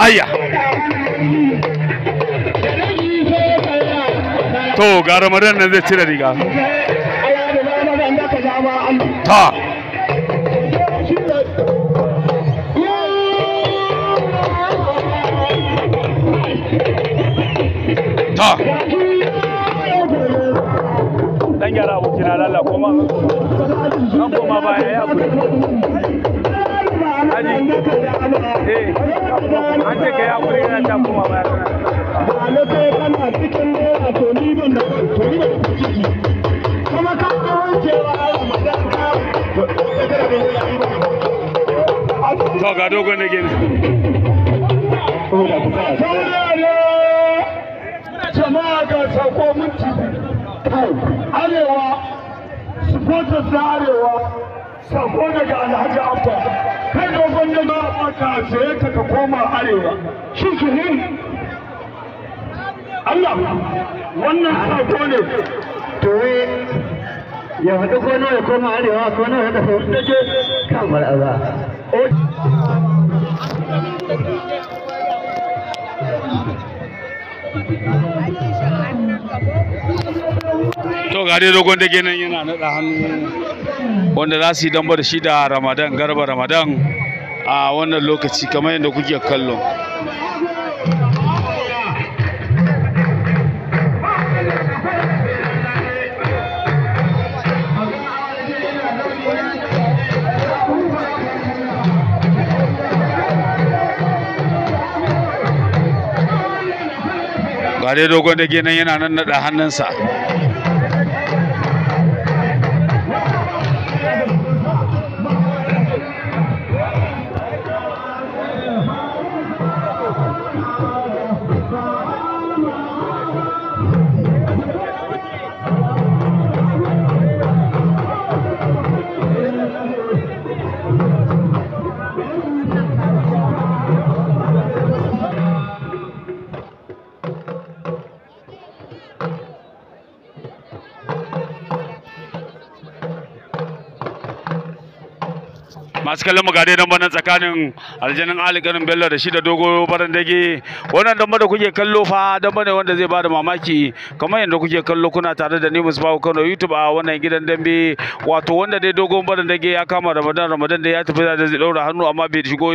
ayya to ga ramadan zai cire riga ta ta dan gyara abokina lalla koma an koma baya ya kuri aji eh an ce ka ya kuri na ta koma baya ba kana kana cikin a to ni ban da to ni ban da ciki kuma ka kawo cewa ramadan ka to ga dogon ne gani ko minti kai arewa supporters na arewa sako daga alhaji abba kai da ma ka saye ka ka koma arewa shi shi ne Allah wannan sako ne to ya haɗu ko nawa ya koma arewa ko nawa ya tafi kan mar'aza ga dai dogon dage nan yana naɗa hannu wanda za su yi damba da shi da ramadan garba ramadan a wannan lokaci kamar yadda kuke kallo ga dai dogon dage nan yana nan naɗa hannunsa masu kallon mu gare nan banan tsakanin aljanin garin bello da shi da dogo baran dage wannan dan da kuke kallo fa dan bane wanda zai bada mamaki kamar yadda kuke kallo kuna tare da ni musbahu kano youtube a wannan gidan dambe wato wanda dai dogon baran dage ya kama ramadan ramadan da ya tafi da zai daura hannu amma bai shigo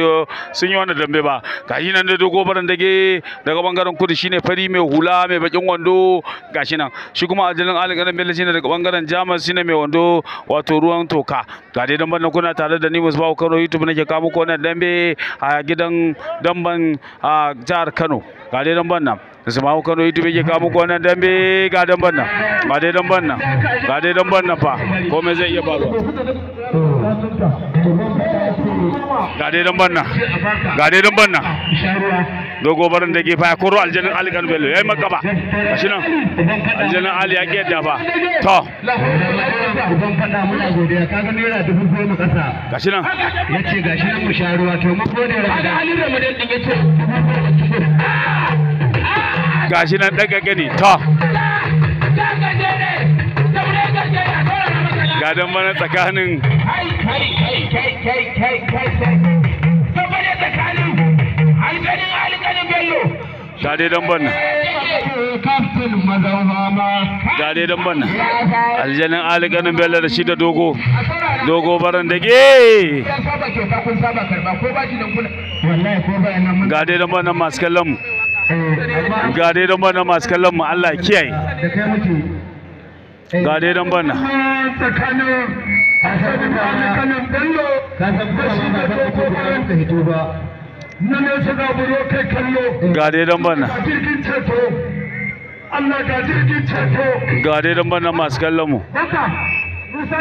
sun yi wannan dambe ba gashi nan da dogo baran dage daga bangaren kudu shine fari mai hula mai bakin wando gashi nan shi kuma aljanin garin bello shine daga bangaren jamus shine mai wando wato ruwan toka ga dai dan bane kuna tare da ni musbahu zuwa Kano YouTube nake kawo muku wannan dambe a gidan damban a jihar Kano ga dai damban nan su Musbahu Kano YouTube nake kawo muku wannan dambe ga damban nan ga dai damban nan ga dai damban nan fa komai zai iya faruwa ga dai damban nan ga dai damban nan dogo barin da gefa ya koro aljanin ali kanu bello ya makaba magaba gashi nan aljanin ali ya kiyar fa to gashi nan ya ce gashi nan mu sha ruwa to mu gode gashi nan daga gani to gadan bana tsakanin kai kai kai kai kai kai ga dai dan banna ga dai dan banna aljanin ali bello da shi da dogo dogo baran da ge ga dai dan banna masu kallon mu ga dai dan banna masu kallon mu Allah kiyaye ga dai dan banna ba kanin bello ka san ba ba na nesa da buro kai kallo ga dai dan banna jirgin ceto Allah ga jirgin ceto ga dai dan banna masu kallon mu baka musa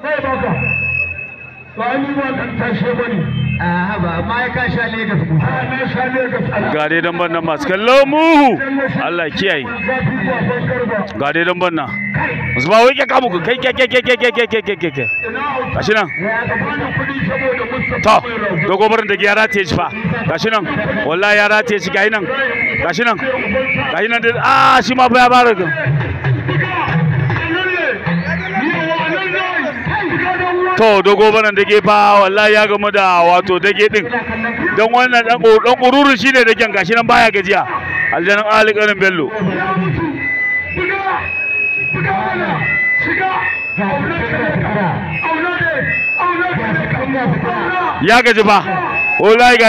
sai baka ba dan tashe bane a ga dai dan banna masu kallo muhu Allah kiyaye ga dai dan banna zuba wai ke kamu kai ke ke ke ke ke ke ke ke ke ke gashi nan to dogo barin da ya ta ji fa gashi nan wallahi ya rataye ji gashi nan gashi nan gashi nan a ah, shi ma ba ya bara to dogo banan dage fa ah, wallahi ya gamu da wato dage din dan wannan dan dan kururu shine dagen gashi nan baya gajiya aljanan ali karin bello ya gaji ba wallahi ga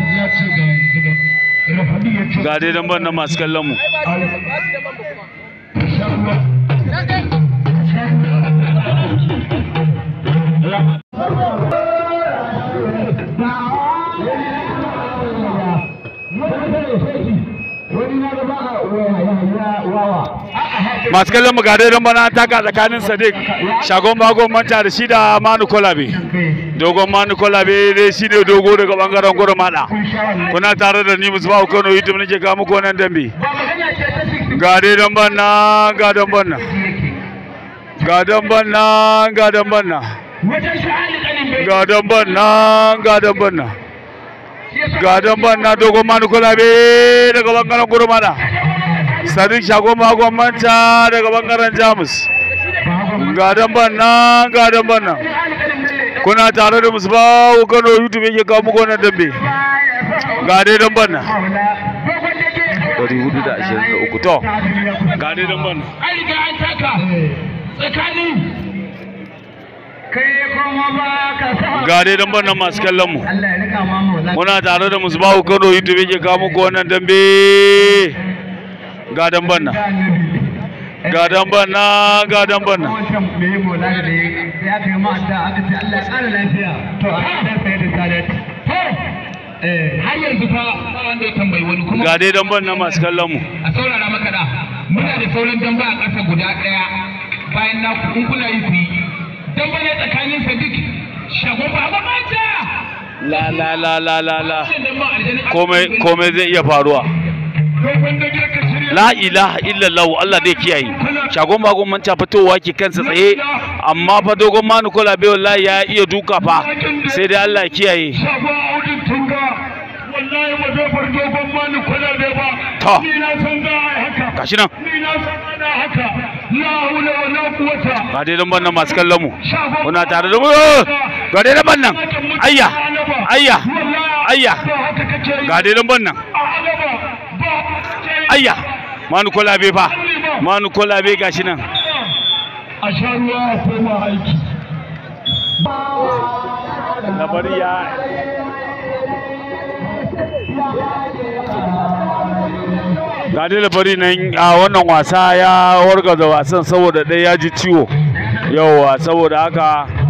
gadi dai ban na masu kallon mu masu kallon mu gare don bana taka tsakanin sadiq shagon bagon manta da shi da manu kolabi dogon manu kolabi dai shi ne dogo daga bangaren gudu mada kuna tare da ni musufa kano youtube nake kawo muku wannan dambe gare don bana ga don bana ga don bana ga don bana ga don bana ga don bana ga don bana dogon manu kolabi daga bangaren gudu mada sadiq shago magon manta daga bangaren jamus ga damban nan ga damban nan kuna tare da musbahu kano youtube yake kawo muku wannan dambe ga dai damban nan dari hudu da ashirin da uku to ga dai damban nan an riga an taka tsakanin ga dai damban nan masu kallon mu muna tare da musu musbahu kano youtube yake kawo muku wannan dambe gadan banna gadan banna gadan banna ya ga dai dan banna masu kallon mu a saurara maka da muna da sauran ba a ƙasa guda ɗaya bayan na kun kula yi ku yi ba ne tsakanin sa duk shago ba ba ba ta la la la la la komai komai zai iya faruwa la ilaha illallah Allah zai kiyaye shagon bagon ta fitowa ki kansa tsaye amma fa dogon manu kola bai wallahi ya iya duka fa sai dai Allah kiyaye to gashi nan ga dai lambar nan masu kallon mu kuna tare da mu ga dai lambar nan ayya ayya ayya ga dai lambar nan ayya manu be fa manu be gashi nan a sha ruwa a koma aiki labari ya ga dai labari nan a wannan wasa ya wargaza wasan saboda ɗaya ya ji ciwo yawa saboda haka